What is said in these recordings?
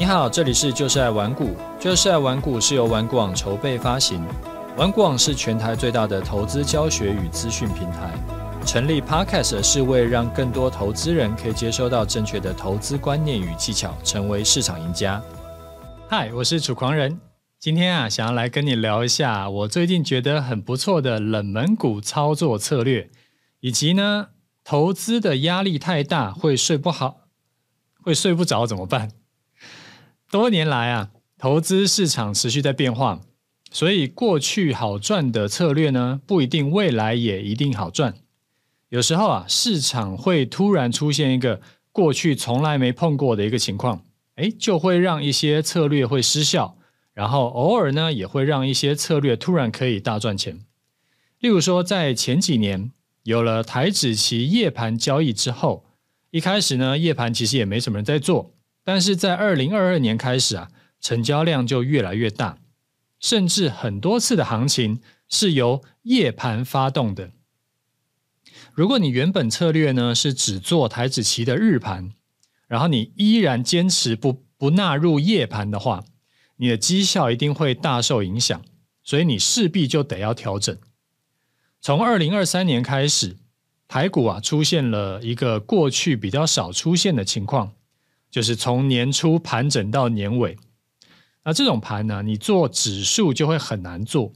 你好，這裡是就是愛玩股。就是愛玩股是由玩股網籌備發行。玩股網是全台最大的投資教學與資訊平台。成立 Podcast 是為了讓更多投資人可以接收到正確的投資觀念與技巧，成為市場贏家。嗨，我是楚狂人。今天啊，想要來跟你聊一下我最近覺得很不錯的冷門股操作策略，以及呢，投資的壓力太大，會睡不好，會睡不着怎麼辦？多年來啊，投資市場持續在變化，所以過去好賺的策略呢，不一定未來也一定好賺。有時候啊，市場會突然出現一個過去從來沒碰過的一個情況，哎，就會讓一些策略會失效，然後偶爾呢，也會讓一些策略突然可以大賺錢。例如說，在前幾年有了台指期夜盤交易之後，一開始呢，夜盤其實也沒什麼人在做。但是在二零二二年開始啊，成交量就越來越大，甚至很多次的行情是由夜盤發動的。如果你原本策略呢是只做台指期的日盤，然後你依然堅持不不納入夜盤的話，你的績效一定會大受影響，所以你勢必就得要調整。從二零二三年開始，台股啊出現了一個過去比較少出現的情況。就是從年初盤整到年尾，那這種盤呢，你做指數就會很難做，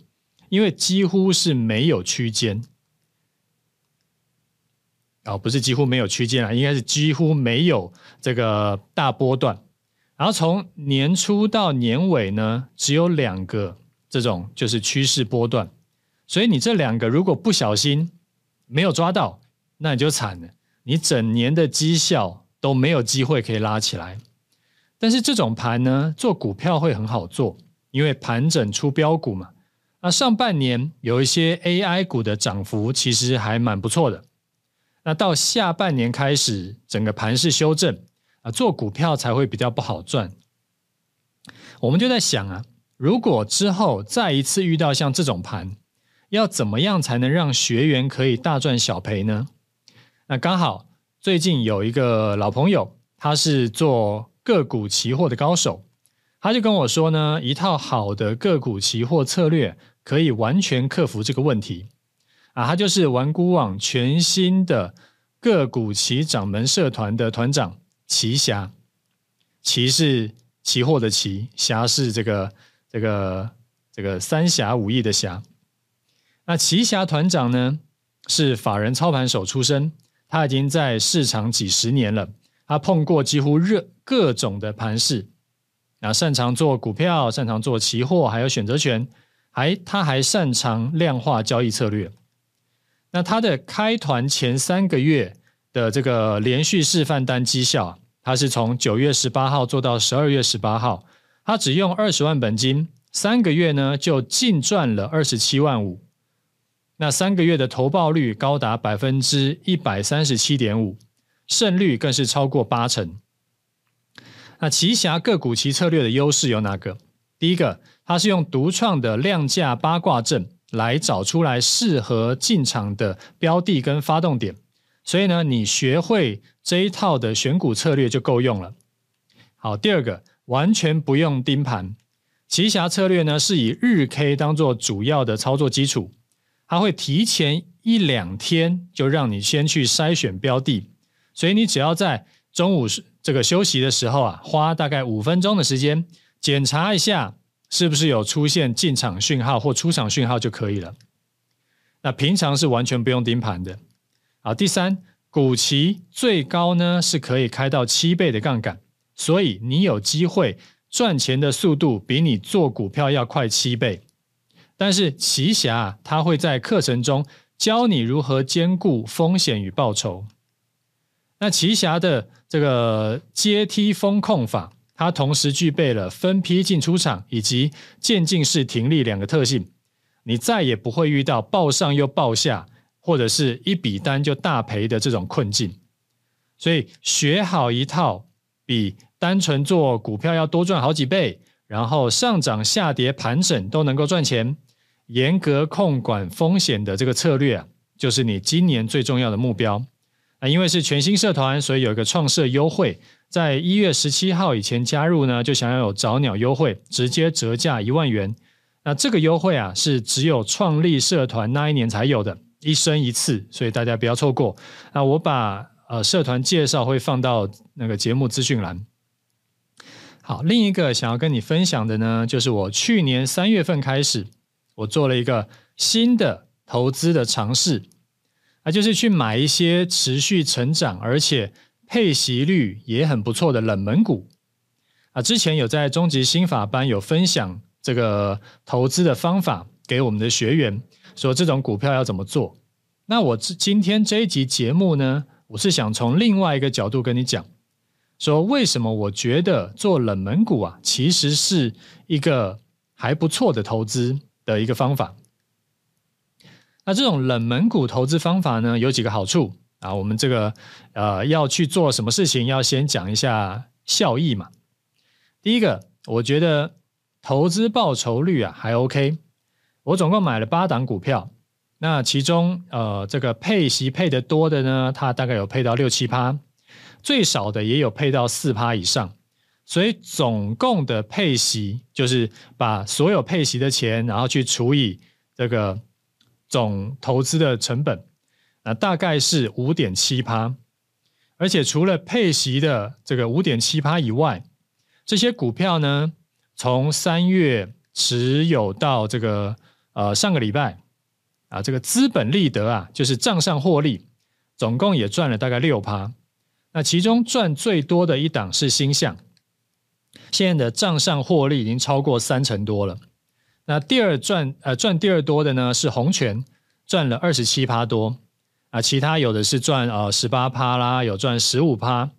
因為幾乎是沒有區間哦，不是幾乎沒有區間啊，應該是幾乎沒有這個大波段。然後從年初到年尾呢，只有兩個這種就是趨勢波段，所以你這兩個如果不小心沒有抓到，那你就慘了，你整年的績效。都沒有機會可以拉起來，但是這種盤呢，做股票會很好做，因為盤整出飆股嘛。那上半年有一些 AI 股的漲幅其實還蠻不錯的。那到下半年開始，整個盤勢修正啊，做股票才會比較不好賺。我們就在想啊，如果之後再一次遇到像這種盤，要怎麼樣才能讓學員可以大賺小賠呢？那剛好。最近有一個老朋友，他是做個股期貨的高手，他就跟我說呢，一套好的個股期貨策略可以完全克服這個問題。啊，他就是玩股網全新的個股期掌門社團的團長，期俠，期是期貨的期，俠是這個這個這個三俠五義的俠。那期俠團長呢，是法人操盤手出身。他已經在市場幾十年了，他碰過幾乎熱各種的盤勢，啊，擅長做股票，擅長做期貨，還有選擇權，還他還擅長量化交易策略。那他的開團前三個月的這個連續示範單績效，他是從九月十八號做到十二月十八號，他只用二十萬本金，三個月呢就淨賺了二十七萬五。那三個月的投報率高達百分之一百三十七點五，勝率更是超過八成。那期俠個股期策略的優勢有哪個？第一個，它是用獨創的量價八卦陣來找出來適合進場的標的跟發動點，所以呢，你學會這一套的選股策略就夠用了。好，第二個，完全不用盯盤，期俠策略呢是以日 K 當做主要的操作基礎。它會提前一兩天就讓你先去篩選標的，所以你只要在中午這個休息的時候啊，花大概五分鐘的時間檢查一下是不是有出現進場訊號或出場訊號就可以了。那平常是完全不用盯盤的。好，第三，股期最高呢是可以開到七倍的槓桿，所以你有機會賺錢的速度比你做股票要快七倍。但是期俠他會在課程中教你如何兼顧風險與報酬。那期俠的這個階梯風控法，它同時具備了分批進出場以及漸進式停利兩個特性，你再也不會遇到抱上又抱下，或者是一筆單就大賠的這種困境。所以學好一套，比單純做股票要多賺好幾倍。然後上漲、下跌、盤整都能夠賺錢，嚴格控管風險的這個策略啊，就是你今年最重要的目標。啊，因為是全新社團，所以有一個創社優惠，在一月十七號以前加入呢，就想要有早鳥優惠，直接折價一萬元。那這個優惠啊，是只有創立社團那一年才有的，一生一次，所以大家不要錯過。那我把呃社團介紹會放到那個節目資訊欄。好，另一個想要跟你分享的呢，就是我去年三月份開始，我做了一個新的投資的嘗試，啊，就是去買一些持續成長而且配息率也很不錯的冷門股，啊，之前有在終極心法班有分享這個投資的方法給我們的學員，說這種股票要怎麼做。那我今天這一集節目呢，我是想從另外一個角度跟你講。說為什麼我覺得做冷門股啊，其實是一個還不錯的投資的一個方法。那這種冷門股投資方法呢，有幾個好處啊。我們這個呃要去做什麼事情，要先講一下效益嘛。第一個，我覺得投資報酬率啊還 OK。我總共買了八檔股票，那其中呃這個配息配得多的呢，它大概有配到六七趴。最少的也有配到四趴以上，所以總共的配息就是，把所有配息的錢，然後去除以這個總投資的成本，啊，大概是五點七趴。而且除了配息的這個五點七趴以外，這些股票呢，從三月持有到這個呃上個禮拜啊，這個資本利得啊，就是賬上獲利，總共也賺了大概六趴。那其中賺最多的一檔是星象，現在的賬上獲利已經超過三成多了。那第二賺呃賺第二多的呢是宏全，賺了二十七趴多啊。其他有的是賺啊十八趴啦，有賺十五趴，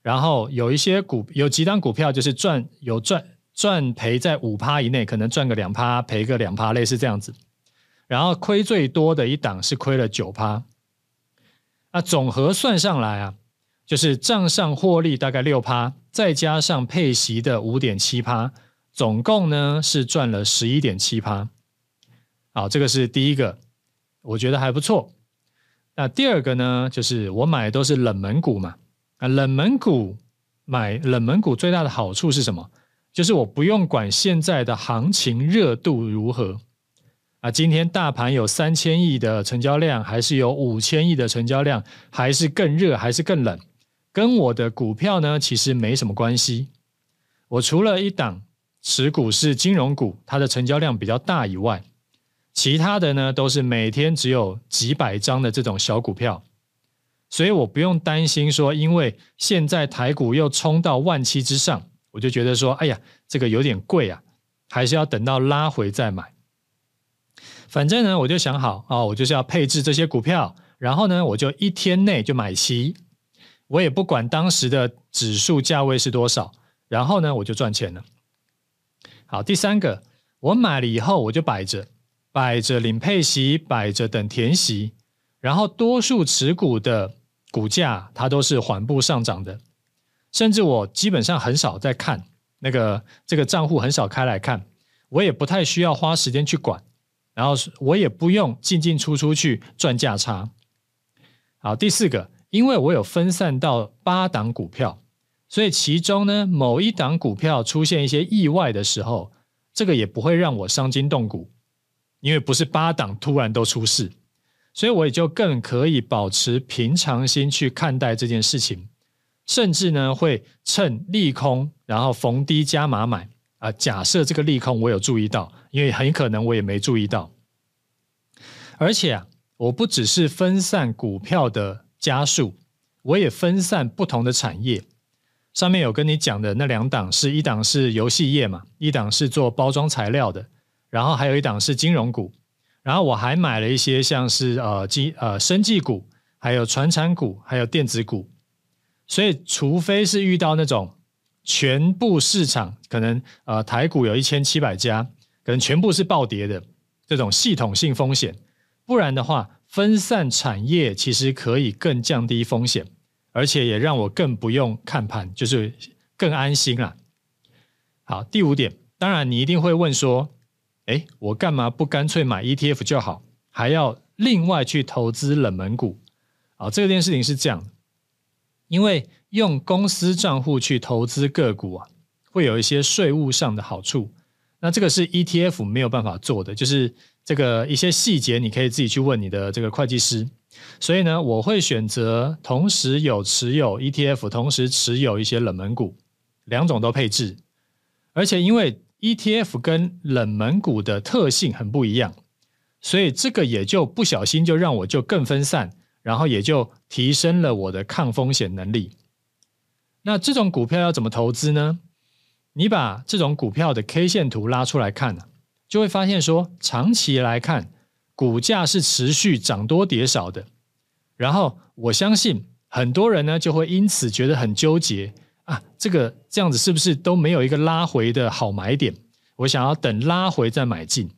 然後有一些股有幾檔股票就是賺有賺賺賠在五趴以內，可能賺個兩趴賠個兩趴，類似這樣子。然後虧最多的一檔是虧了九趴。那、啊、總和算上來啊。就是賬上獲利大概六趴，再加上配息的五點七趴，總共呢是賺了十一點七趴。好，這個是第一個，我覺得還不錯。那第二個呢，就是我買的都是冷門股嘛。啊，冷門股買冷門股最大的好處是什麼？就是我不用管現在的行情熱度如何。啊，今天大盤有三千億的成交量，還是有五千億的成交量，還是更熱，還是更冷？跟我的股票呢，其實沒什麼關係。我除了一檔持股是金融股，它的成交量比較大以外，其他的呢都是每天只有幾百張的這種小股票，所以我不用擔心說，因為現在台股又衝到萬七之上，我就覺得說，哎呀，這個有點貴啊，還是要等到拉回再買。反正呢，我就想好哦，我就是要配置這些股票，然後呢，我就一天內就買齊。我也不管當時的指數價位是多少，然後呢，我就賺錢了。好，第三個，我買了以後我就擺着，擺着領配息，擺着等填息。然後多數持股的股價它都是緩步上漲的，甚至我基本上很少在看那個這個賬戶，很少開來看，我也不太需要花時間去管，然後我也不用進進出出去賺價差。好，第四個。因為我有分散到八檔股票，所以其中呢某一檔股票出現一些意外的時候，這個也不會讓我傷筋動骨，因為不是八檔突然都出事，所以我也就更可以保持平常心去看待這件事情，甚至呢會趁利空，然後逢低加碼買啊、呃。假設這個利空我有注意到，因為很可能我也沒注意到，而且啊我不只是分散股票的。加速，我也分散不同的產業。上面有跟你講的那兩檔是，是一檔是遊戲業嘛，一檔是做包裝材料的，然後還有一檔是金融股。然後我還買了一些像是呃金呃生技股，還有傳產股，還有電子股。所以，除非是遇到那種全部市場可能呃台股有一千七百家，可能全部是暴跌的這種系統性風險，不然的話。分散產業其實可以更降低風險，而且也讓我更不用看盤，就是更安心啦。好，第五點，當然你一定會問說，哎，我幹嘛不幹脆買 ETF 就好，還要另外去投資冷門股？啊，這件事情是這樣的，因為用公司賬戶去投資個股啊，會有一些稅務上的好處，那這個是 ETF 沒有辦法做的，就是。這個一些細節你可以自己去問你的這個會計師，所以呢，我會選擇同時有持有 ETF，同時持有一些冷門股，兩種都配置，而且因為 ETF 跟冷門股的特性很不一樣，所以這個也就不小心就讓我就更分散，然後也就提升了我的抗風險能力。那這種股票要怎麼投資呢？你把這種股票的 K 線圖拉出來看。就會發現說，長期來看，股價是持續漲多跌少的。然後我相信很多人呢，就會因此覺得很糾結啊，這個這樣子是不是都沒有一個拉回的好買點？我想要等拉回再買進。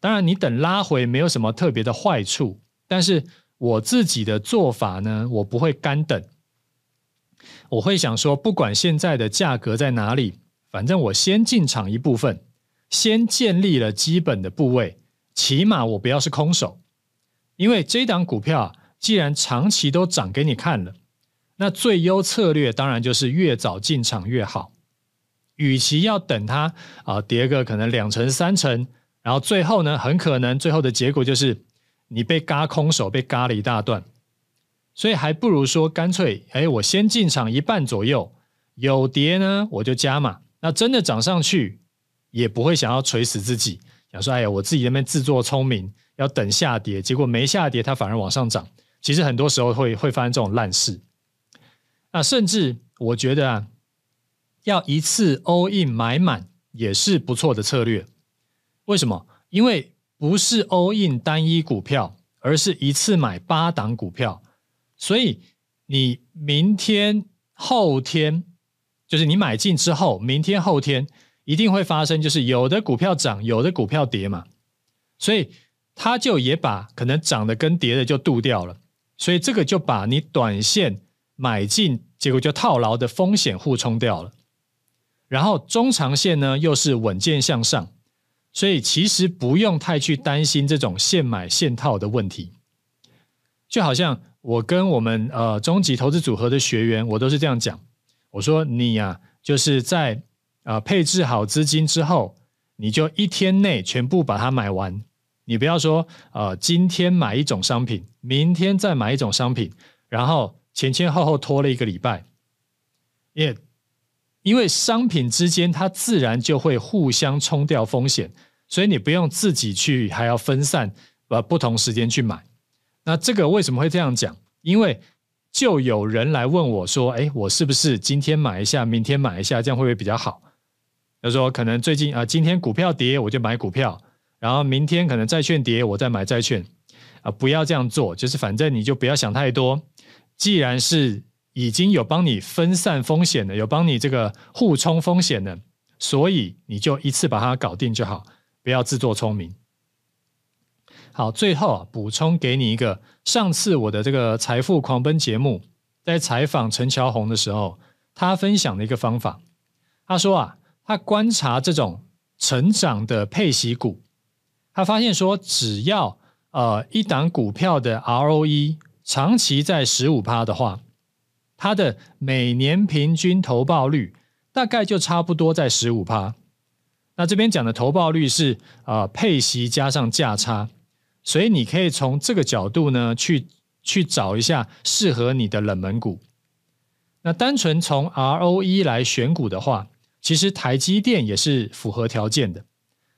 當然，你等拉回沒有什麼特別的壞處，但是我自己的做法呢，我不會乾等，我會想說，不管現在的價格在哪裡，反正我先進場一部分。先建立了基本的部位，起碼我不要是空手，因為這檔股票、啊、既然，長期都漲給你看了，那最優策略當然就是越早進場越好。與其要等它啊跌個可能兩成三成，然後最後呢很可能最後的結果就是你被嘎空手被嘎了一大段，所以還不如說乾脆哎我先進場一半左右，有跌呢我就加碼，那真的漲上去。也不會想要錘死自己，想說：“哎呀，我自己在那邊自作聰明，要等下跌，結果沒下跌，它反而往上漲。”其實很多時候會會發生這種爛事啊，那甚至我覺得啊，要一次 all in 買滿也是不錯的策略。為什麼？因為不是 all in 單一股票，而是一次買八檔股票，所以你明天、後天，就是你買進之後，明天、後天。一定會發生，就是有的股票漲，有的股票跌嘛，所以他就也把可能漲的跟跌的就抵掉了，所以這個就把你短線買進，結果就套牢的風險互衝掉了，然後中長線呢又是穩健向上，所以其實不用太去擔心這種現買現套的問題，就好像我跟我們呃終極投資組合的學員，我都是這樣講，我說你呀、啊，就是在。啊、呃，配置好資金之後，你就一天內全部把它買完。你不要說，呃，今天買一種商品，明天再買一種商品，然後前前後後拖了一個禮拜因，因為商品之間它自然就會互相沖掉風險，所以你不用自己去還要分散，把不同時間去買。那這個為什麼會這樣講？因為就有人來問我說，哎，我是不是今天買一下，明天買一下，這樣會不會比較好？他說：“可能最近啊、呃，今天股票跌，我就買股票；然後明天可能債券跌，我再買債券。啊、呃，不要這樣做，就是反正你就不要想太多。既然是已經有幫你分散風險的，有幫你這個互沖風險的，所以你就一次把它搞定就好，不要自作聰明。好，最後啊，補充給你一個上次我的這個財富狂奔節目在採訪陳喬紅的時候，他分享的一個方法，他說啊。”他觀察這種成長的配息股，他發現說，只要呃一檔股票的 ROE 長期在十五趴的話，它的每年平均投報率大概就差不多在十五趴。那這邊講的投報率是啊、呃、配息加上價差，所以你可以從這個角度呢去去找一下適合你的冷門股。那單純從 ROE 來選股的話。其實台積電也是符合條件的，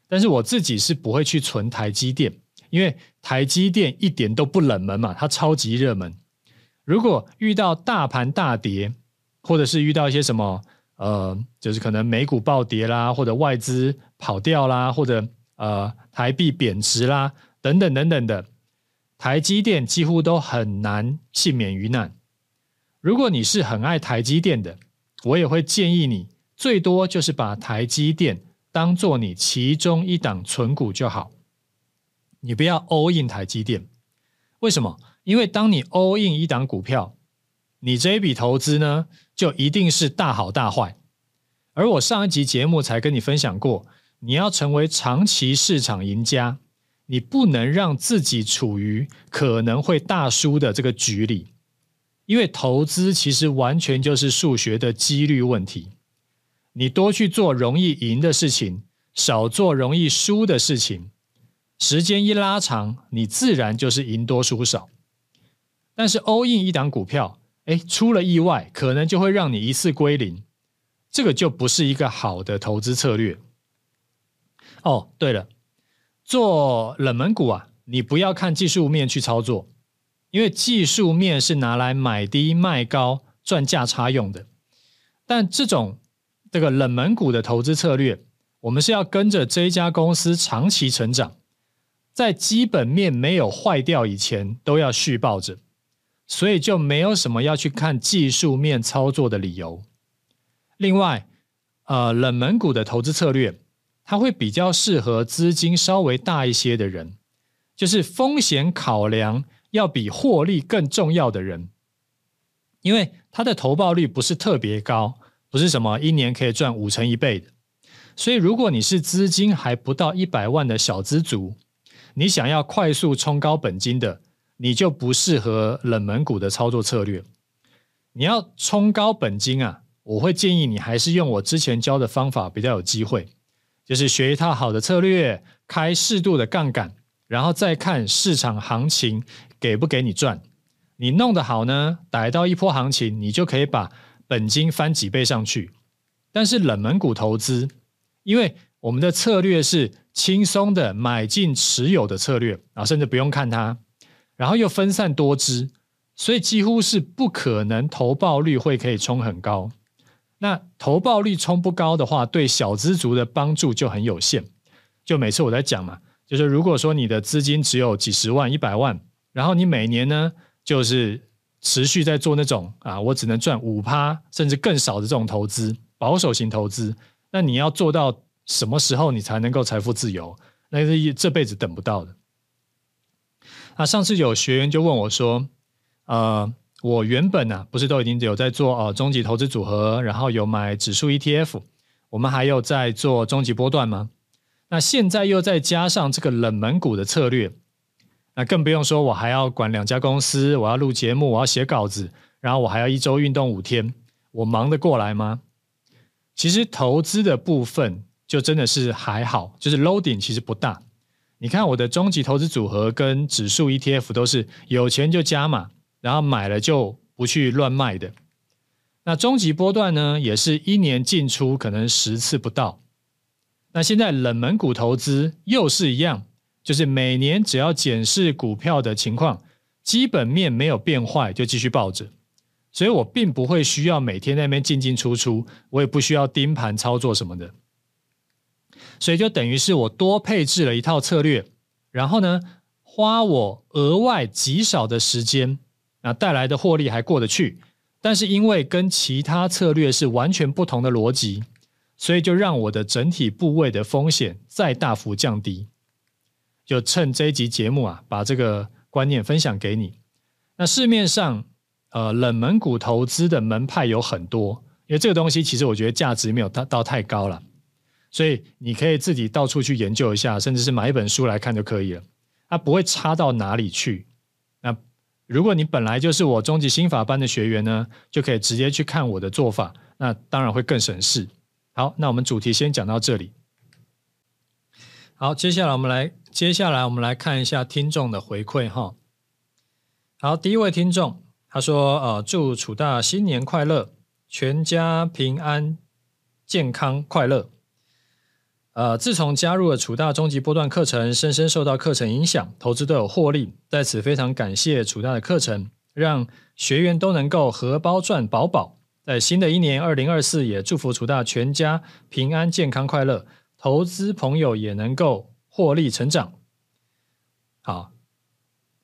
但是我自己是不會去存台積電，因為台積電一點都不冷門嘛，它超級熱門。如果遇到大盤大跌，或者是遇到一些什麼，呃，就是可能美股暴跌啦，或者外資跑掉啦，或者呃台幣貶值啦，等等等等的，台積電幾乎都很難幸免於難。如果你是很愛台積電的，我也會建議你，最多就是把台積電當做你其中一檔存股就好，你不要 all in 台積電。為什麼？因為當你 all in 一檔股票，你這一筆投資呢，就一定是大好大壞。而我上一集節目才跟你分享過，你要成為長期市場贏家，你不能讓自己處於可能會大輸的這個局裡，因為投資其實完全就是數學的幾率問題你多去做容易贏的事情，少做容易輸的事情。時間一拉長，你自然就是贏多輸少。但是歐印一檔股票，哎，出了意外，可能就會讓你一次歸零。這個就不是一個好的投資策略。哦，對了，做冷門股啊，你不要看技術面去操作，因為技術面是拿來買低賣高賺價差用的。但這種。這個冷門股的投資策略，我們是要跟着這家公司長期成長，在基本面沒有壞掉以前，都要續抱著，所以就沒有什麼要去看技術面操作的理由。另外，呃，冷門股的投資策略，它會比較適合資金稍微大一些的人，就是風險考量要比獲利更重要的人，因為它的投報率不是特別高。不是什麼一年可以賺五成一倍的，所以如果你是資金還不到一百萬的小資族，你想要快速衝高本金的，你就不適合冷門股的操作策略。你要衝高本金啊，我會建議你還是用我之前教的方法比較有機會，就是學一套好的策略，開適度的槓桿，然後再看市場行情給不給你賺。你弄得好呢，逮到一波行情，你就可以把。本金翻幾倍上去，但是冷門股投資，因為我們的策略是輕鬆的買進持有的策略，然後、啊、甚至不用看它，然後又分散多支，所以幾乎是不可能投報率會可以衝很高。那投報率衝不高的話，對小資族的幫助就很有限。就每次我在講嘛，就是如果說你的資金只有幾十萬、一百萬，然後你每年呢，就是。持續在做那種啊，我只能賺五趴甚至更少的這種投資，保守型投資。那你要做到什麼時候，你才能夠財富自由？那是這輩子等不到的。啊，上次有學員就問我說，呃，我原本啊，不是都已經有在做呃終極投資組合，然後有買指數 ETF，我們還有在做終極波段嗎？那現在又再加上這個冷門股的策略。那更不用說，我還要管兩家公司，我要錄節目，我要寫稿子，然後我還要一周運動五天，我忙得過來嗎？其實投資的部分就真的是還好，就是 loading 其實不大。你看我的終極投資組合跟指數 ETF 都是有錢就加嘛，然後買了就不去亂賣的。那終極波段呢，也是一年進出可能十次不到。那現在冷門股投資又是一樣。就是每年只要檢視股票的情況，基本面沒有變壞，就繼續抱着。所以我並不會需要每天在那邊進進出出，我也不需要盯盤操作什麼的。所以就等於是我多配置了一套策略，然後呢，花我額外極少的時間，那帶來的獲利還過得去。但是因為跟其他策略是完全不同的邏輯，所以就讓我的整體部位的風險再大幅降低。就趁這一集節目啊，把這個觀念分享給你。那市面上，呃，冷門股投資的門派有很多，因為這個東西其實我覺得價值沒有到到太高了，所以你可以自己到處去研究一下，甚至是買一本書來看就可以了，它不會差到哪裡去。那如果你本來就是我終極心法班的學員呢，就可以直接去看我的做法，那當然會更省事。好，那我們主題先講到這裡。好，接下來我們來。接下來我們來看一下聽眾的回饋哈。好，第一位聽眾他說：“呃，祝楚大新年快樂，全家平安、健康、快樂。呃，自從加入了楚大終極波段課程，深深受到課程影響，投資都有獲利。在此非常感謝楚大的課程，讓學員都能夠荷包賺飽飽。在新的一年二零二四，也祝福楚大全家平安、健康、快樂，投資朋友也能夠。”獲利成長，好，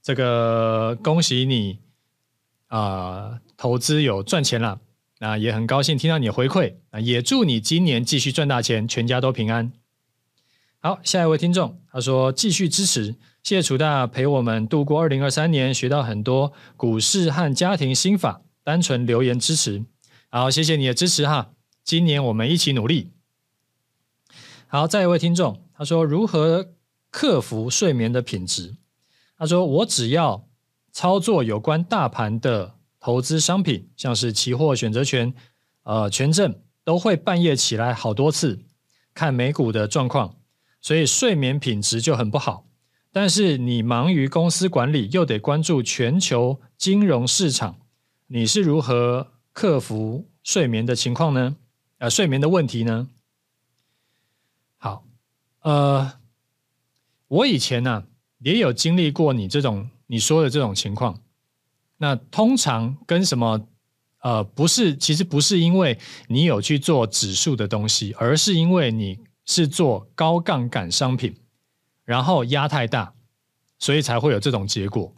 這個恭喜你啊，呃，投資有賺錢啦，那也很高興聽到你的回饋啊，也祝你今年繼續賺大錢，全家都平安。好，下一位聽眾他說繼續支持，謝謝楚大陪我們度過二零二三年，學到很多股市和家庭心法，單純留言支持，好，謝謝你的支持哈，今年我們一起努力。好，再一位聽眾。他說：“如何克服睡眠的品質？”他說：“我只要操作有關大盤的投資商品，像是期貨、選擇權、呃權證，都會半夜起來好多次看美股的狀況，所以睡眠品質就很不好。但是你忙於公司管理，又得關注全球金融市場，你是如何克服睡眠的情況呢？呃，睡眠的問題呢？”呃，我以前呢，啊，也有經歷過你這種你說的這種情況。那通常跟什麼？呃，不是，其實不是因為你有去做指數的東西，而是因為你是做高槓桿商品，然後壓太大，所以才會有這種結果。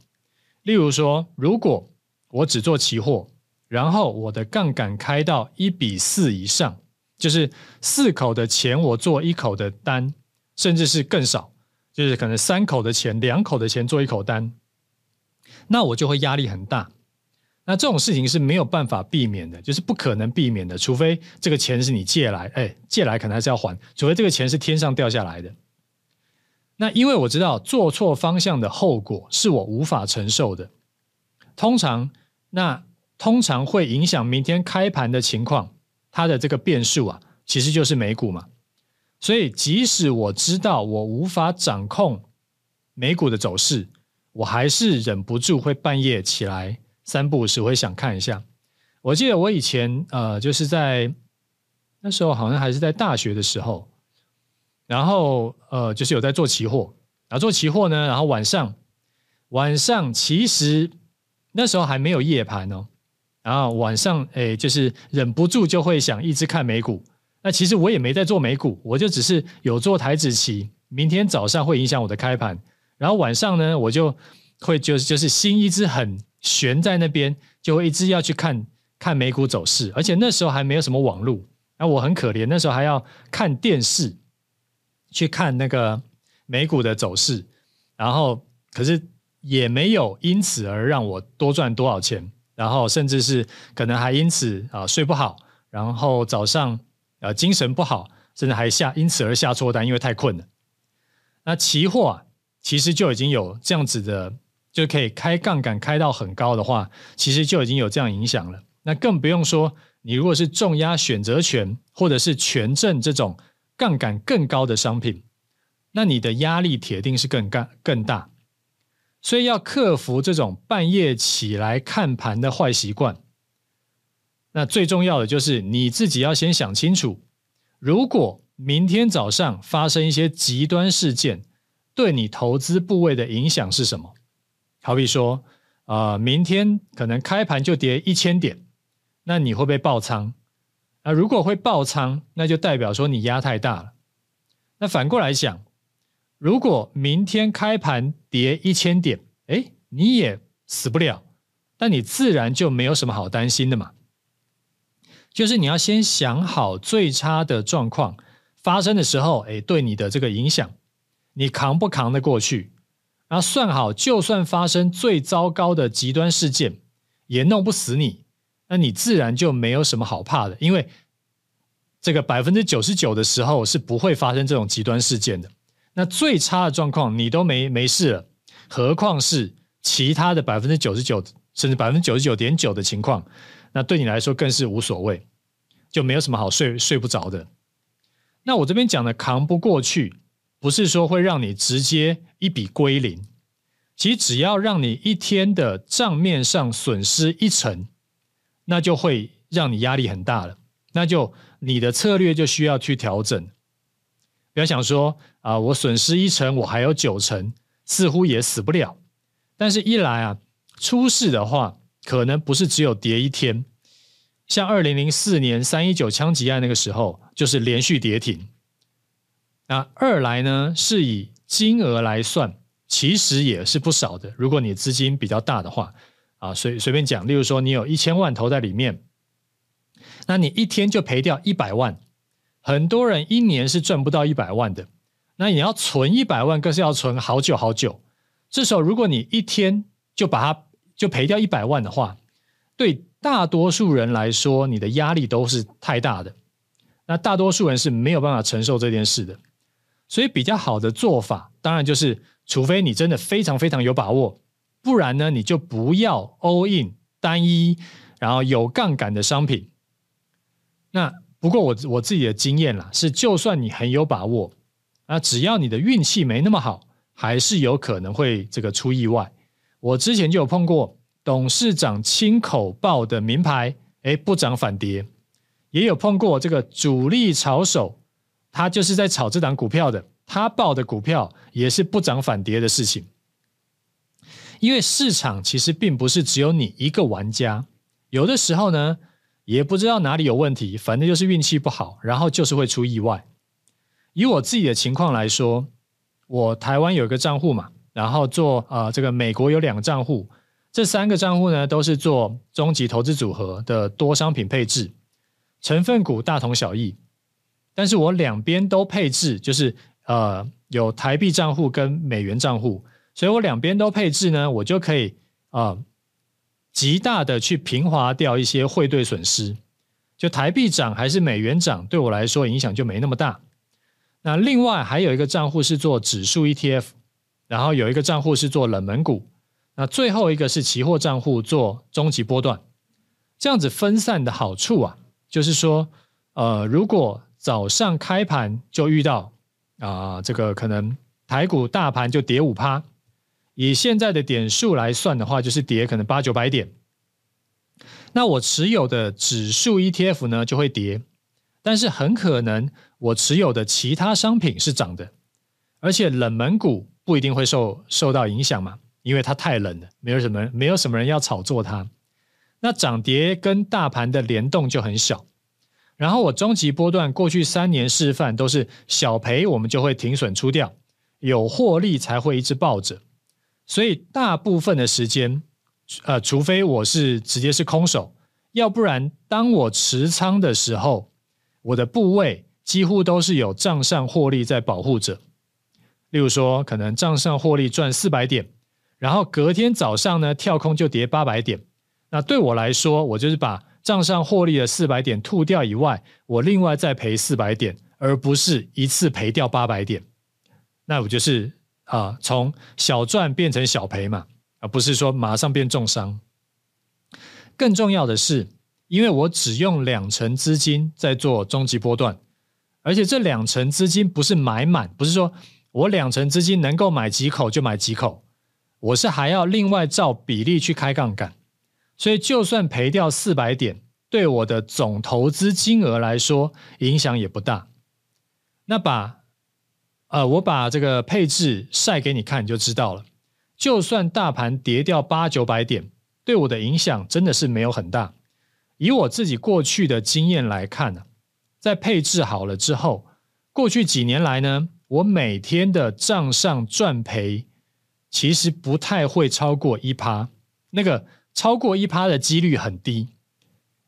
例如說，如果我只做期貨，然後我的槓桿開到一比四以上，就是四口的錢我做一口的單，甚至是更少，就是可能三口的錢、兩口的錢做一口單，那我就會壓力很大。那這種事情是沒有辦法避免的，就是不可能避免的，除非這個錢是你借來，哎，借來可能還是要還，除非這個錢是天上掉下來的。那因為我知道做錯方向的後果是我無法承受的。通常，那通常會影響明天開盤的情況，它的這個變數啊，其實就是美股嘛。所以，即使我知道我無法掌控美股的走勢，我還是忍不住會半夜起來，三不五時會想看一下。我記得我以前呃，就是在那時候好像還是在大學的時候，然後呃，就是有在做期貨。然後做期貨呢，然後晚上晚上其實那時候還沒有夜盤哦，然後晚上哎，就是忍不住就會想一直看美股。那其實我也沒在做美股，我就只是有做台指期，明天早上會影響我的開盤，然後晚上呢，我就會就是就是心一直很懸在那邊，就會一直要去看看美股走勢。而且那時候還沒有什麼網絡，那我很可憐。那時候還要看電視去看那個美股的走勢，然後可是也沒有因此而讓我多賺多少錢，然後甚至是可能還因此啊睡不好，然後早上。呃、啊，精神不好，甚至還下因此而下錯單，因為太困了。那期貨啊，其實就已經有這樣子的，就可以開槓桿開到很高的話，其實就已經有這樣影響了。那更不用說你如果是重壓選擇權或者是權證這種槓桿更高的商品，那你的壓力鐵定是更干更大。所以要克服這種半夜起來看盤的壞習慣。那最重要的就是你自己要先想清楚，如果明天早上發生一些極端事件，對你投資部位的影響是什麼？好比說，啊、呃，明天可能開盤就跌一千點，那你會不會爆倉？啊，如果會爆倉，那就代表說你壓太大了。那反過來想，如果明天開盤跌一千點，哎，你也死不了，那你自然就沒有什麼好擔心的嘛。就是你要先想好最差的狀況發生的時候，誒，對你的這個影響，你扛不扛得過去？然後算好，就算發生最糟糕的極端事件，也弄不死你，那你自然就沒有什麼好怕的，因為這個百分之九十九的時候是不會發生這種極端事件的。那最差的狀況你都沒沒事了，何況是其他的百分之九十九，甚至百分之九十九點九的情況？那對你來說更是無所謂。就沒有什麼好睡睡不着的。那我這邊講的扛不過去，不是說會讓你直接一筆歸零。其實只要讓你一天的賬面上損失一成，那就會讓你壓力很大了。那就你的策略就需要去調整。不要想說啊，我損失一成，我還有九成，似乎也死不了。但是，一來啊，出事的話，可能不是只有跌一天。像二零零四年三一九槍擊案那個時候，就是連續跌停。那二來呢，是以金額來算，其實也是不少的。如果你資金比較大的話，啊，隨隨便講，例如說你有一千萬投在裡面，那你一天就賠掉一百萬。很多人一年是賺不到一百萬的，那你要存一百萬，更是要存好久好久。這時候，如果你一天就把它就賠掉一百萬的話，對。大多數人來說，你的壓力都是太大的。那大多數人是沒有辦法承受這件事的。所以比較好的做法，當然就是，除非你真的非常非常有把握，不然呢，你就不要 all in 單一，然後有槓桿的商品。那不過我我自己的經驗啦，是就算你很有把握，那只要你的運氣沒那麼好，還是有可能會這個出意外。我之前就有碰過。董事長親口報的名牌，誒，不漲反跌，也有碰過這個主力炒手，他就是在炒這檔股票的，他報的股票也是不漲反跌的事情。因為市場其實並不是只有你一個玩家，有的時候呢，也不知道哪裡有問題，反正就是運氣不好，然後就是會出意外。以我自己的情況來說，我台灣有一個賬戶嘛，然後做啊、呃，這個美國有兩個賬戶。這三個賬戶呢，都是做終極投資組合的多商品配置，成分股大同小異。但是我兩邊都配置，就是呃有台幣賬戶跟美元賬戶，所以我兩邊都配置呢，我就可以啊、呃、極大的去平滑掉一些匯兌損失。就台幣漲還是美元漲，對我來說影響就沒那麼大。那另外還有一個賬戶是做指數 ETF，然後有一個賬戶是做冷門股。那最後一個是期貨賬戶做終極波段，這樣子分散的好處啊，就是說，呃，如果早上開盤就遇到啊、呃，這個可能台股大盤就跌五趴，以現在的點數來算的話，就是跌可能八九百點。那我持有的指數 ETF 呢就會跌，但是很可能我持有的其他商品是漲的，而且冷門股不一定會受受到影響嘛。因為它太冷了，沒有什麼沒有什麼人要炒作它。那漲跌跟大盤的聯動就很小。然後我終極波段過去三年示範都是小賠，我們就會停損出掉；有獲利才會一直抱着。所以大部分的時間，呃，除非我是直接是空手，要不然當我持倉的時候，我的部位幾乎都是有賬上獲利在保護着。例如說，可能賬上獲利賺四百點。然後隔天早上呢，跳空就跌八百點。那對我來說，我就是把賬上獲利的四百點吐掉以外，我另外再賠四百點，而不是一次賠掉八百點。那我就是啊、呃，從小賺變成小賠嘛，而不是說馬上變重傷。更重要的是，因為我只用兩成資金在做終極波段，而且這兩成資金不是買滿，不是說我兩成資金能夠買幾口就買幾口。我是還要另外照比例去開槓桿，所以就算賠掉四百點，對我的總投資金額來說影響也不大。那把，呃，我把這個配置曬給你看，你就知道了。就算大盤跌掉八九百點，對我的影響真的是沒有很大。以我自己過去的經驗來看呢，在配置好了之後，過去幾年來呢，我每天的賬上賺賠。其實不太會超過一趴，那個超過一趴的幾率很低，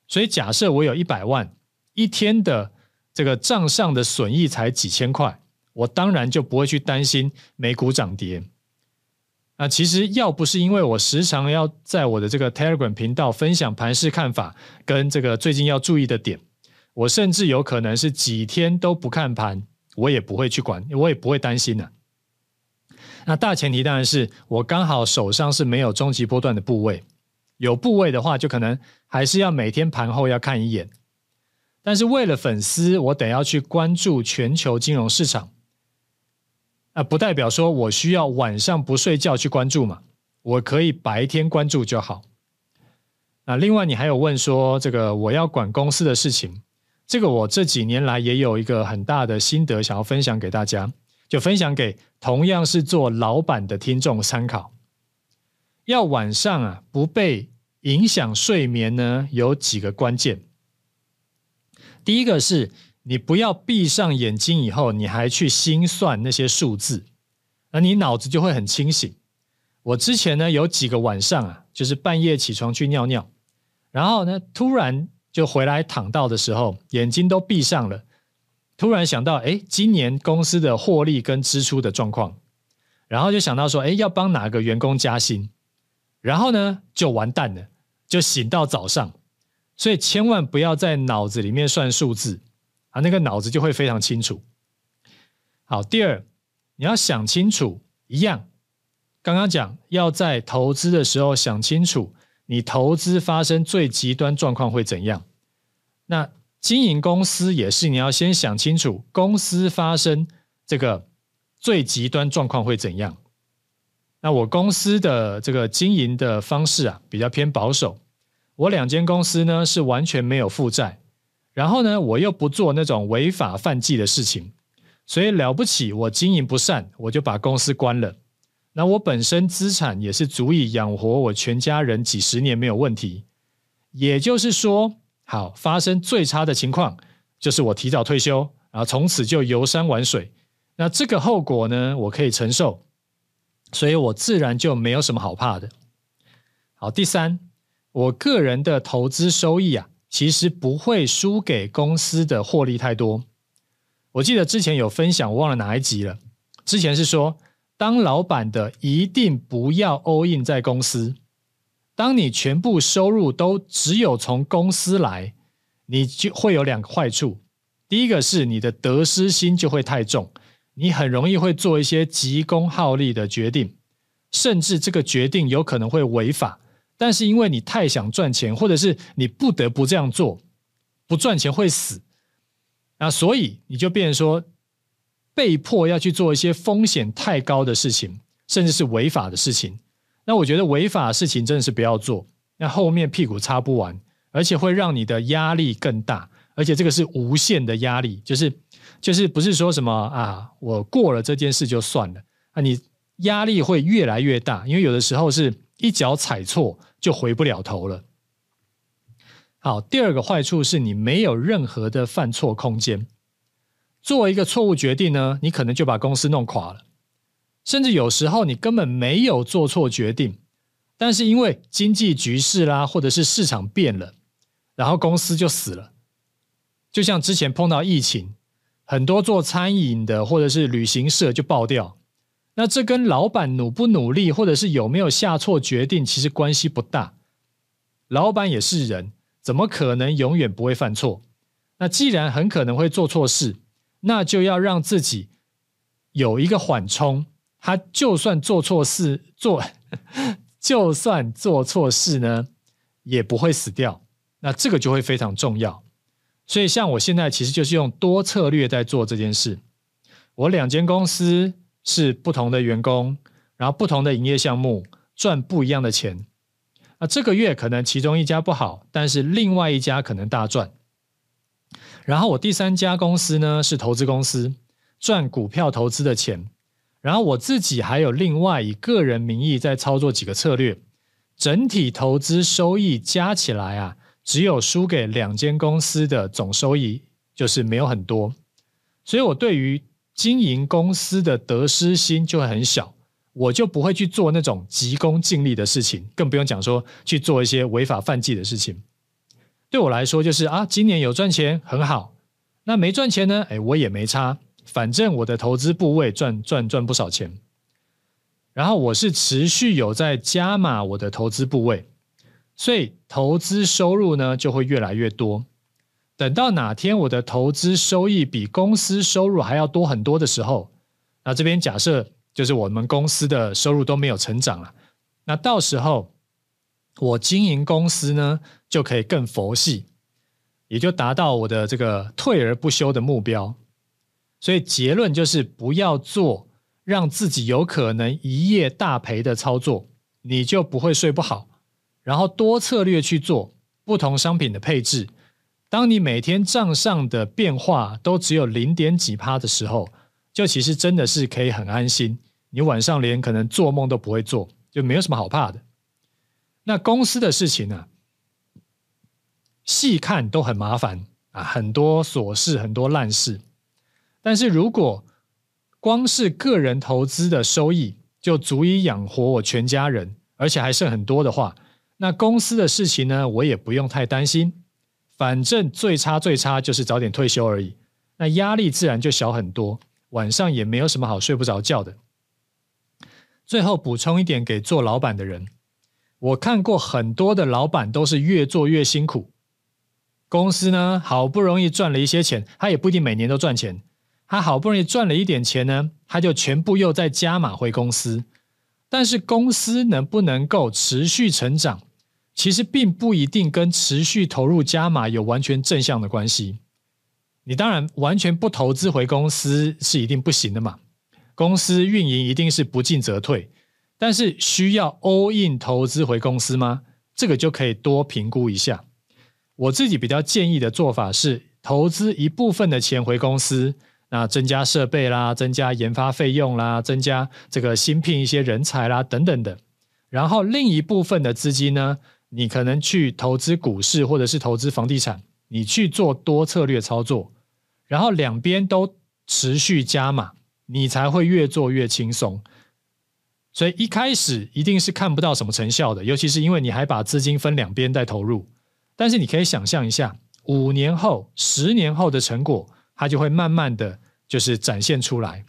所以假設我有一百萬，一天的這個賬上的損益才幾千塊，我當然就不會去擔心美股漲跌。那其實要不是因為我時常要在我的這個 Telegram 頻道分享盤勢看法跟這個最近要注意的點，我甚至有可能是幾天都不看盤，我也不會去管，我也不會擔心的、啊。那大前提當然是我剛好手上是沒有終極波段的部位，有部位的話，就可能還是要每天盤後要看一眼。但是為了粉絲，我得要去關注全球金融市場，那不代表說我需要晚上不睡覺去關注嘛？我可以白天關注就好。那另外你還有問說，這個我要管公司的事情，這個我這幾年來也有一個很大的心得想要分享給大家。就分享給同樣是做老板的聽眾參考。要晚上啊不被影響睡眠呢，有幾個關鍵。第一個是你不要閉上眼睛以後，你還去心算那些數字，而你腦子就會很清醒。我之前呢有幾個晚上啊，就是半夜起床去尿尿，然後呢突然就回來躺到的時候，眼睛都閉上了。突然想到，哎，今年公司的獲利跟支出的狀況，然後就想到說，哎，要幫哪個員工加薪，然後呢就完蛋了，就醒到早上。所以千萬不要在腦子裡面算數字啊，那個腦子就會非常清楚。好，第二，你要想清楚一樣，剛剛講要在投資的時候想清楚，你投資發生最極端狀況會怎樣。那。經營公司也是，你要先想清楚，公司發生這個最極端狀況會怎樣？那我公司的這個經營的方式啊，比較偏保守。我兩間公司呢是完全沒有負債，然後呢我又不做那種違法犯紀的事情，所以了不起我經營不善，我就把公司關了。那我本身資產也是足以養活我全家人幾十年沒有問題。也就是說。好，發生最差的情況就是我提早退休，然後從此就遊山玩水。那這個後果呢，我可以承受，所以我自然就沒有什麼好怕的。好，第三，我個人的投資收益啊，其實不會輸給公司的獲利太多。我記得之前有分享，我忘了哪一集了。之前是說，當老闆的一定不要 all in 在公司。當你全部收入都只有從公司來，你就會有兩個壞處。第一個是你的得失心就會太重，你很容易會做一些急功近利的決定，甚至這個決定有可能會違法。但是因為你太想賺錢，或者是你不得不這樣做，不賺錢會死。那所以你就變成說，被迫要去做一些風險太高的事情，甚至是違法的事情。那我覺得違法的事情真的是不要做，那後面屁股擦不完，而且會讓你的壓力更大，而且這個是無限的壓力，就是就是不是說什麼啊，我過了這件事就算了啊，你壓力會越來越大，因為有的時候是一腳踩錯就回不了頭了。好，第二個壞處是你沒有任何的犯錯空間，做一個錯誤決定呢，你可能就把公司弄垮了。甚至有時候你根本沒有做錯決定，但是因為經濟局勢啦，或者是市場變了，然後公司就死了。就像之前碰到疫情，很多做餐飲的或者是旅行社就爆掉。那這跟老板努不努力，或者是有沒有下錯決定，其實關係不大。老板也是人，怎麼可能永遠不會犯錯？那既然很可能會做錯事，那就要讓自己有一個緩衝。他就算做錯事做，就算做錯事呢，也不會死掉。那這個就會非常重要。所以，像我現在其實就是用多策略在做這件事。我兩間公司是不同的員工，然後不同的營業項目，賺不一樣的錢。那這個月可能其中一家不好，但是另外一家可能大賺。然後我第三家公司呢，是投資公司，賺股票投資的錢。然後我自己還有另外以個人名義在操作幾個策略，整體投資收益加起來啊，只有輸給兩間公司的總收益，就是沒有很多。所以我對於經營公司的得失心就會很小，我就不會去做那種急功近利的事情，更不用講說去做一些違法犯紀的事情。對我來說，就是啊，今年有賺錢很好，那沒賺錢呢，誒，我也沒差。反正我的投資部位賺賺賺不少錢，然後我是持續有在加碼我的投資部位，所以投資收入呢，就會越來越多。等到哪天我的投資收益比公司收入還要多很多的時候，那這邊假設就是我們公司的收入都沒有成長了，那到時候我經營公司呢，就可以更佛系，也就達到我的這個退而不休的目標。所以結論就是，不要做讓自己有可能一夜大賠的操作，你就不會睡不好。然後多策略去做不同商品的配置。當你每天賬上的變化都只有零點幾趴的時候，就其實真的是可以很安心。你晚上連可能做夢都不會做，就沒有什麼好怕的。那公司的事情呢，啊，細看都很麻煩啊，很多瑣事，很多爛事。但是如果光是個人投資的收益就足以養活我全家人，而且還剩很多的話，那公司的事情呢，我也不用太擔心。反正最差最差就是早點退休而已，那壓力自然就小很多，晚上也沒有什麼好睡不着覺的。最後補充一點給做老板的人，我看過很多的老板都是越做越辛苦，公司呢，好不容易賺了一些錢，他也不一定每年都賺錢。他好不容易賺了一點錢呢，他就全部又再加碼回公司。但是公司能不能夠持續成長，其實並不一定跟持續投入加碼有完全正向的關係。你當然完全不投資回公司是一定不行的嘛，公司運營一定是不進則退。但是需要 all in 投資回公司嗎？這個就可以多評估一下。我自己比較建議的做法是投資一部分的錢回公司。那增加設備啦，增加研發費用啦，增加這個新聘一些人才啦，等等等。然後另一部分的資金呢，你可能去投資股市或者是投資房地產，你去做多策略操作。然後兩邊都持續加碼，你才會越做越輕鬆。所以一開始一定是看不到什麼成效的，尤其是因為你還把資金分兩邊在投入。但是你可以想象一下，五年後、十年後的成果。它就會慢慢的就是展現出來。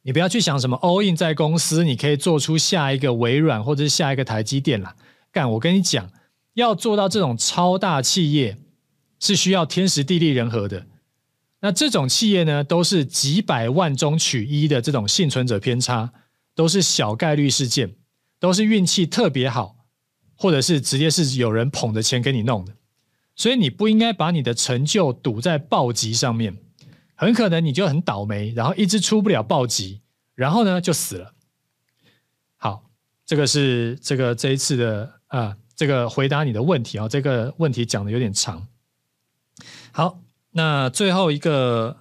你不要去想什麼 all in 在公司，你可以做出下一個微軟或者是下一個台積電啦。幹，我跟你講，要做到這種超大企業，是需要天時地利人和的。那這種企業呢，都是幾百萬中取一的這種幸存者偏差，都是小概率事件，都是運氣特別好，或者是直接是有人捧着錢給你弄的。所以你不應該把你的成就賭在暴擊上面，很可能你就很倒霉，然後一直出不了暴擊，然後呢就死了。好，這個是這個這一次的啊、呃，這個回答你的問題啊、哦，這個問題講得有點長。好，那最後一個，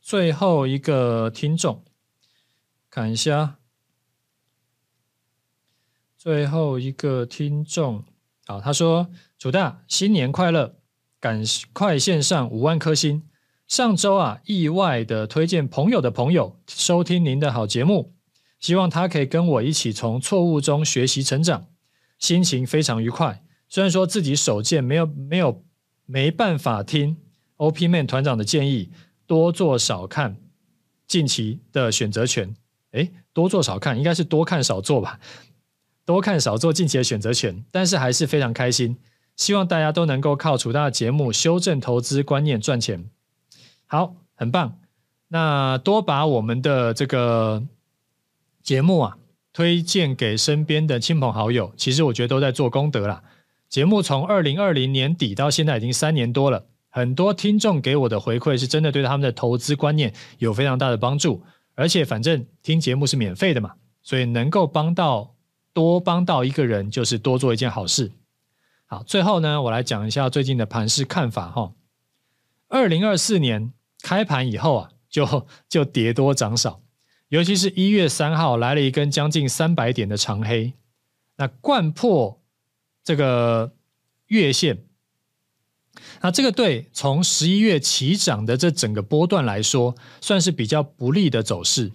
最後一個聽眾看一下，最後一個聽眾啊，他說，楚大，新年快樂！趕快獻上五萬顆星。上周啊，意外的推薦朋友的朋友收聽您的好節目，希望他可以跟我一起從錯誤中學習成長，心情非常愉快。雖然說自己手賤，沒有沒有沒辦法聽 OP Man 團長的建議，多做少看近期的選擇權。誒，多做少看應該是多看少做吧？多看少做近期的選擇權，但是還是非常開心。希望大家都能夠靠楚大節目修正投資觀念賺錢。好，很棒。那多把我們的這個節目啊，推薦給身邊的親朋好友。其實我覺得都在做功德啦。節目從二零二零年底到現在已經三年多了，很多聽眾給我的回饋是真的對他們的投資觀念有非常大的幫助。而且反正聽節目是免費的嘛，所以能夠幫到多幫到一個人，就是多做一件好事。好，最後呢，我來講一下最近的盤勢看法哈。二零二四年開盤以後啊，就就跌多漲少，尤其是一月三號來了一根將近三百點的長黑，那摜破這個月線。那這個對從十一月起漲的這整個波段來說，算是比較不利的走勢。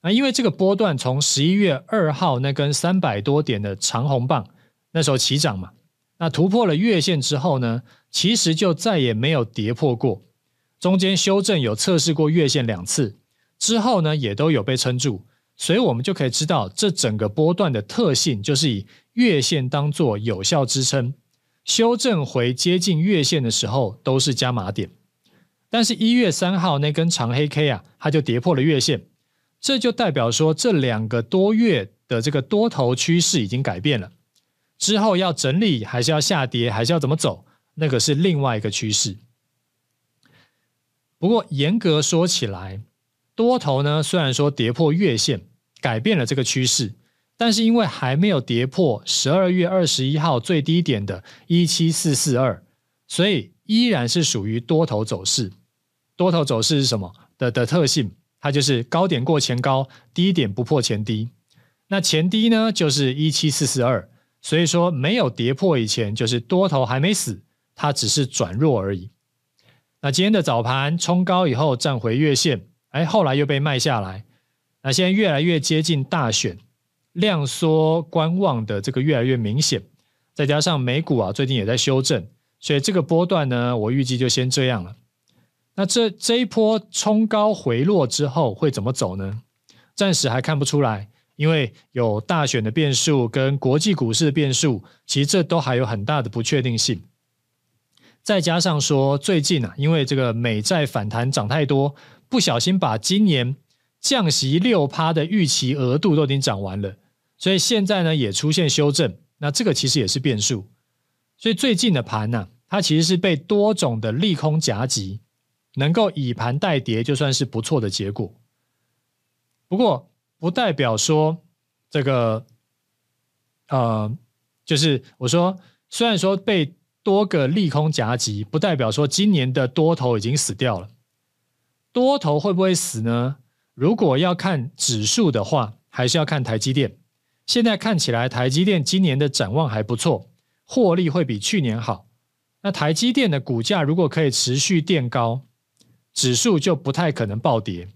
啊，因為這個波段從十一月二號那根三百多點的長紅棒，那時候起漲嘛。那突破了月線之後呢，其實就再也沒有跌破過，中間修正有測試過月線兩次，之後呢也都有被撐住，所以我們就可以知道這整個波段的特性就是以月線當做有效支撐，修正回接近月線的時候都是加碼點，但是，一月三號那根長黑 K 啊，它就跌破了月線，這就代表說這兩個多月的這個多頭趨勢已經改變了。之後要整理還是要下跌還是要怎麼走？那個是另外一個趨勢。不過嚴格說起來，多頭呢雖然說跌破月線，改變了這個趨勢，但是因為還沒有跌破十二月二十一號最低點的一七四四二，所以依然是屬於多頭走勢。多頭走勢是什麼？的的特性，它就是高點過前高，低點不破前低。那前低呢就是一七四四二。所以說，沒有跌破以前，就是多頭還沒死，它只是轉弱而已。那今天的早盤衝高以後站回月線，哎，後來又被賣下來。那現在越來越接近大選，量縮觀望的這個越來越明顯，再加上美股啊最近也在修正，所以這個波段呢，我預計就先這樣了。那這這一波衝高回落之後會怎麼走呢？暫時還看不出來。因為有大選的變數跟國際股市的變數，其實這都還有很大的不確定性。再加上說最近啊，因為這個美債反彈漲太多，不小心把今年降息六趴的預期額度都已經漲完了，所以現在呢也出現修正。那這個其實也是變數。所以最近的盤呢、啊，它其實是被多種的利空夾擊，能夠以盤代跌，就算是不錯的結果。不過，不代表說這個呃，就是我說，雖然說被多個利空夾擊，不代表說今年的多頭已經死掉了。多頭會不會死呢？如果要看指數的話，還是要看台積電。現在看起來，台積電今年的展望還不錯，獲利會比去年好。那台積電的股價如果可以持續墊高，指數就不太可能暴跌。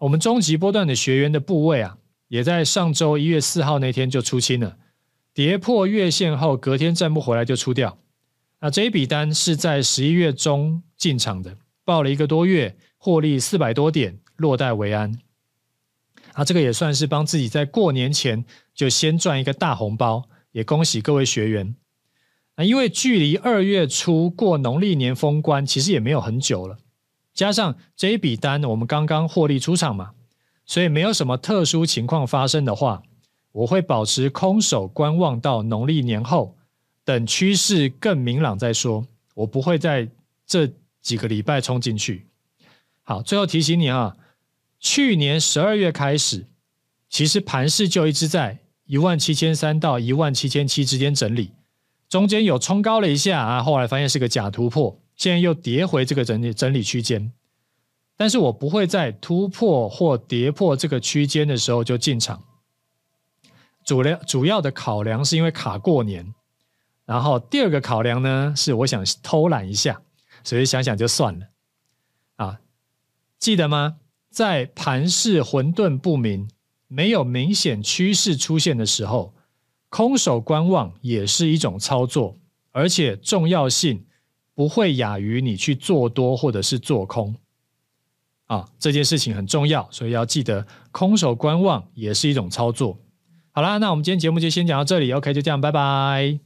我們終極波段的學員的部位啊，也在上周一月四號那天就出清了，跌破月線後，隔天站不回來就出掉。那這一筆單是在十一月中進場的，報了一個多月，獲利四百多點，落袋為安。啊，這個也算是幫自己在過年前就先賺一個大紅包，也恭喜各位學員。啊，因為距離二月初過農曆年封關，其實也沒有很久了。加上這一筆單，我們剛剛獲利出場嘛，所以沒有什麼特殊情況發生的話，我會保持空手觀望到農曆年後，等趨勢更明朗再說。我不會在這幾個禮拜衝進去。好，最後提醒你啊，去年十二月開始，其實盤勢就一直在一萬七千三到一萬七千七之間整理，中間有衝高了一下啊，後來發現是個假突破。現在又跌回這個整理整理區間，但是我不會在突破或跌破這個區間的時候就進場。主要主要的考量是因為卡過年，然後第二個考量呢是我想偷懶一下，所以想想就算了。啊，記得嗎？在盤勢混沌不明、沒有明顯趨勢出現的時候，空手觀望也是一種操作，而且重要性。不會亞於你去做多或者是做空，啊，這件事情很重要，所以要記得空手觀望也是一種操作。好啦，那我們今天節目就先講到這裡，OK，就這樣，拜拜。